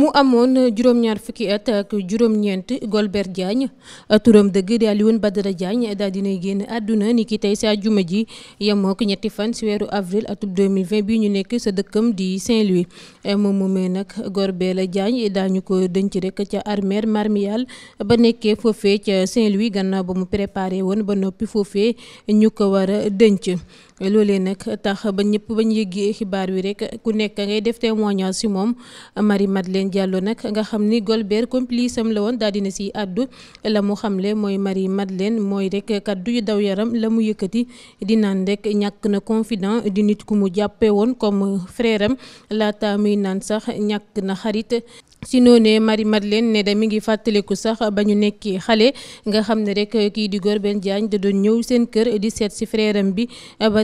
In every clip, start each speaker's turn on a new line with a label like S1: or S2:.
S1: mu amoon juróom-ñaar fukki at ak juróom-ñeent Golbert Diagne turam dëgg di Alioune Badara Diagne daal dinay génn àdduna ni ki tey sa àjjuma ji yemoo ko ñetti fan si weeru avril atum 2020 bi ñu nekk sa dëkkam di Saint-Louis moom moomee nag Golbert Diagne daañu ko dënc rek ca armère Marmiyal ba nekkee foofee ca Saint-Louis gannaaw ba mu préparé woon ba noppi foofee ñu ko war a dënc loolee nag tax ba ñëpp bañ yëggee xibaar wi rek ku nekk ngay def témoignage si moom Marie Madeleine Diallo nag nga xam ni Golbert complice am la woon daal dina si àddu la mu xamle mooy Marie Madeleine mooy rek kaddu yu daw yaram la mu yëkkati di naan rek ñàkk na confident di nit ku mu jàppee woon comme frère am laata muy naan sax ñàkk na xarit si noonee Marie Madeleine ne da mi ngi fàttaliku sax ba ñu nekkee xale nga xam ne rek kii di Golbert Diagne da doon ñëw seen kër di seet si frère bi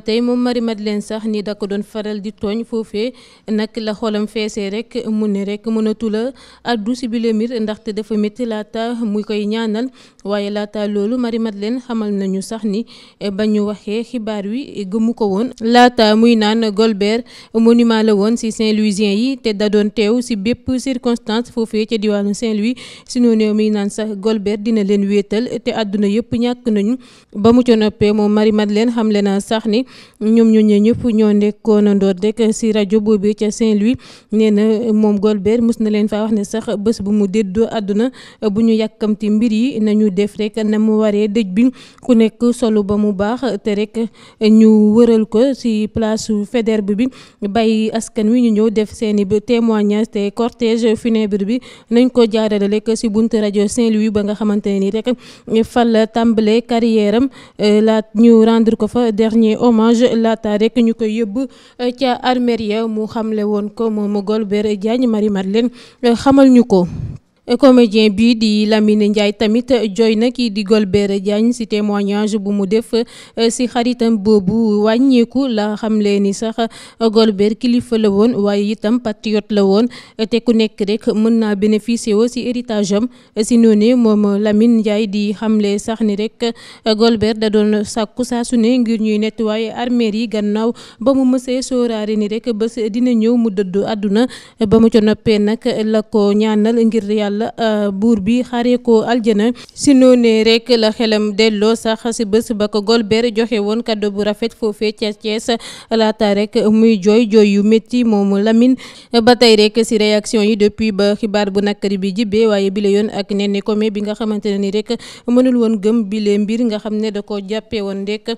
S1: tey moom Marie Madeleine sax ni da ko doon faral di tooñ foofee nag la xolam feesee rek mu ne rek mënatula addu si bile mbir ndaxte dafa métti laata muy koy ñaanal waaye laata loolu Marie Madeleine xamal nañu sax ni eh, ba ñu waxee xibaar wi gëmu ko woon laata muy naan Golbert monument la woon si Saint-Louisien yi te da doon teew si bépp circonstance foofee ca diwaanu Saint-Louis si noonu muy naan sax Golbert dina leen wéetal te àdduna yëpp ñàkk nañu ba mu ca noppee moom Marie Madeleine xamle na sax ni ñoom ñoo ñee ñëpp ñoo nekkoon ndoor rek si rajo boobu ca Saint-Louis nee na moom Golbert mus na leen faa wax ne sax bés bu mu déddoo àdduna bu ñu yàkkamti mbir yi nañu def rek na mu waree dëj bi ku nekk solo ba mu baax te rek ñu wëral ko si place Faidherbe bi bàyyi askan wi ñu ñëw def seeni témoignage te cortège funèbre bi nañ ko jaarale rek si buntu rajo Saint-Louis ba nga xamante ne nii rek fal tàmbale carrière am euh, la ñu rendre ko fa dernier hommage Orange laata rek ñu koy yóbbu eh, ca armeria mu xamle woon ko moom Golbert Diagne Marie Madeleine eh, xamal ñu ko comédien bii di Lamine Ndiaye tamit jooy na kii di Golbert Diagne ci témoignage bu mu def ci euh, xaritam boobu wàññeeku la xamle ni sax Golbert kilifa la woon waaye itam patriote la woon te ku nekk rek mën naa bénéficier woo ci héritage am ci noonu moom Lamine Ndiaye di xamle sax ni rek Golbert da doon sàkku saa su ne ngir ñuy nettoyer armée yi gannaaw ba mu mësee sóoraale ni rek bés dina ñëw mu dëddu àdduna ba mu ca noppee nag la ko ñaanal ngir yàlla yàlla euh, buur bi xaaree ko aljana si noonee rek la xelam delloo sax si bés ba ko Golbert joxe woon kàddu bu rafet foofee ca Thiès laata rek muy jooy jooy yu métti moom lamin ba tey rek si réaction yi depuis ba xibaar bu nakari bi jibee waaye bile yoon ak Néné Komé bi nga xamante ne ni rek mënul woon gëm bile mbir nga xam ne da ko jàppee woon rek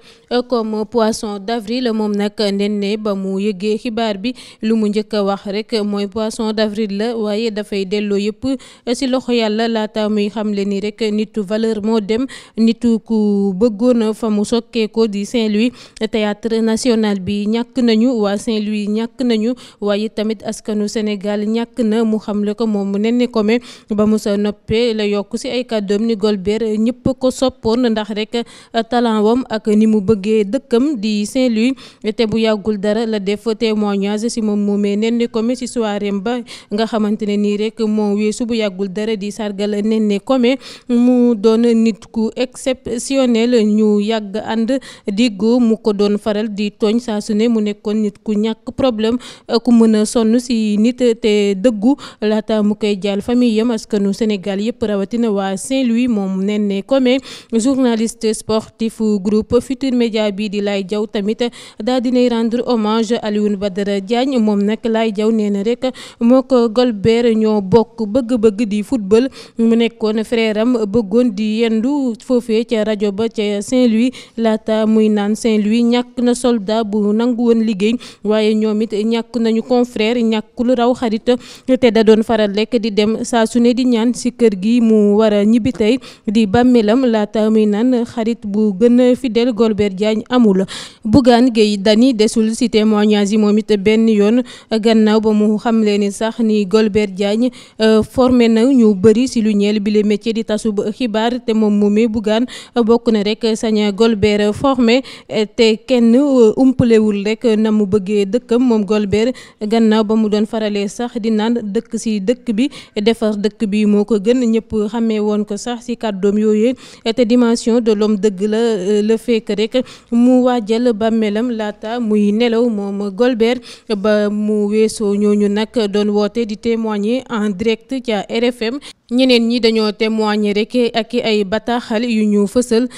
S1: comme poisson d'avril moom nag Néné ba mu yëgee xibaar bi lu mu njëkk a wax rek mooy poisson d'avril la waaye dafay delloo yëpp Eh, si loxo yàlla laata muy xamle ni rek nitu valeur moo dem nitu ku bëggoon fa mu sokkeekoo di Saint-Louis théâtre national bi ñàkk nañu waa Saint-Louis ñàkk nañu waaye tamit askanu Sénégal ñàkk na mu xamle ko moom mu nen comme ba mu sa noppee la yokk si ay kàddoom ni Golbert ñëpp ko soppoon ndax rek talent wam ak ni mu bëggee dëkkam di Saint-Louis te bu yàggul dara la def témoignage si moom moomee nen comme si soirée ba nga xamante nii rek yàggul dara di sargal Néné Komé mu doon nit ku exceptionnel ñu yàgg ànd diggo mu ko doon faral di tooñ saa su ne mu nekkoon nit ku ñàkk problème eh, ku mën a sonn si nit te dëggu laata mu koy jaal famille yam askanu Sénégal yëpp rawatina waa Saint-Louis moom Néné Komé journaliste sportif groupe Futur Média bi di lay jaw tamit daa dinay rendre hommage Alioune Badara Diagne moom nag Laye Diaw nee rek moo ko Golbert ñoo bokk bëgg-bëgg di football mu nekkoon frère am bëggoon di yendu foofu ca rajo ba ca Saint-Louis laata muy naan Saint-Louis ñàkk na soldat bu nangu woon liggéey waaye ñoom it ñàkk nañu confrère ñàkkul raw xarita te da doon faral lekk di dem saa sune di ñaan si kër gi mu war ñibbi tey di bàmmeelam laata muy naan xarit bu gën a fidèle Golbert Diagne amul Bougane Gueye Dany desul si témoignage yi moom it benn yoon gannaaw ba mu xamle ni sax ni Golbert Diagne euh, formé jaaxle na ñu si lu ñeel bi le métier di tasub xibaar te moom moomee Bougane bokk na rek sañ Golbert formé te kenn euh, umpalewul rek na mu bëggee dëkkam moom Golbert gannaaw ba mu doon faralee sax di naan dëkk si dëkk bi defar dëkk bi moo ko gën ñëpp xamee woon ko sax si kàddoom yooyee te dimension de l'homme dëgg la euh, la fekk rek mu waajal bàmmeelam laata muy nelaw moom Golbert ba mu weesoo ñooñu nag doon woote di témoigner en direct ca RFM ñeneen ñi dañoo témoigner rek ak ay bataaxal yu ñu fësal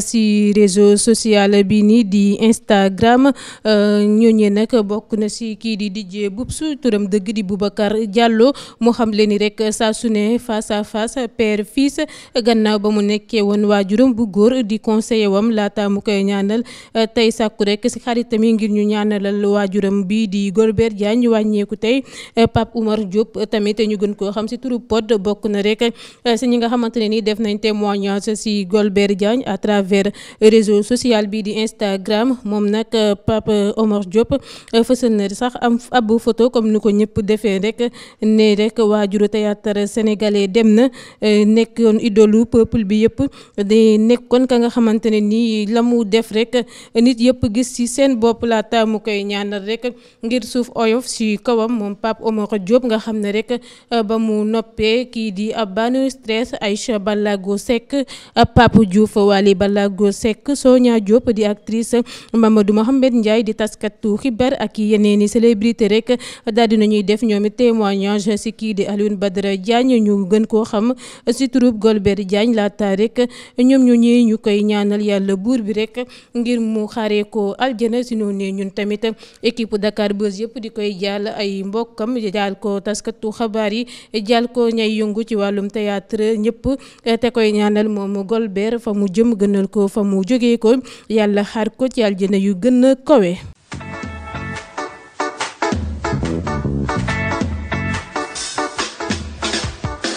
S1: si euh, réseau sociale bi nii di Instagram euh, ñooñee nag bokk na si kii di DJ Boubs turam dëgg di Boubacar jàlloo mu xam leen ni rek saa su ne face à face père fils gannaaw ba mu nekkee woon waajuram bu góor di conseiller wam laata mu koy ñaanal euh, tey sàkku rek si xaritam ngir ñu ñaanalal waajuram bi di Golbert Diagne wàññeeku tey Pape Oumar Diop tamit ñu gën ko xam si turu pod bokk na rek eh, si ñi nga xamante ne ni def nañ témoignage si Golbert Diagne à travers réseau social bi di Instagram moom nag eh, Pape Omar Diop eh, fësal na sax am ab photo comme ni ko ñëpp defee rek ne rek waajuru théâtre sénégalais dem na nekkoon idolu peuple bi yëpp di nekkoon ka nga xamante ne nii la mu def rek nit yëpp gis ci seen bopp laata mu koy ñaanal rek ngir suuf oyof si kawam moom Pape Omar Diop nga xam ne rek ba mu nopp toppee kii di ab Banu Stress Aïcha Balago Seck Pape Diouf Wally Balago Seck Sonia Diop di actrice Mamadou Mohamed Ndiaye di taskatu xibaar ak yeneen i célébrité rek daal dina ñuy def ñoom i témoignage si kii di Alioune Badara Diagne ñu gën koo xam si troupe Golbert Diagne laata rek ñoom ñu ñi ñu koy ñaanal yàlla buur bi rek ngir mu xaaree ko aljana si noonu ñun tamit équipe Dakar Buzz yëpp di koy jàll ay mbokkam jaal ko taskatu xabaar yi jàll ko ñay yëngu ci wàllum théâtre ñëpp eh, te koy ñaanal moom mu Golbert fa mu jëm gënal ko fa mu jógee ko yàlla xaar ko ci aljana yu gën a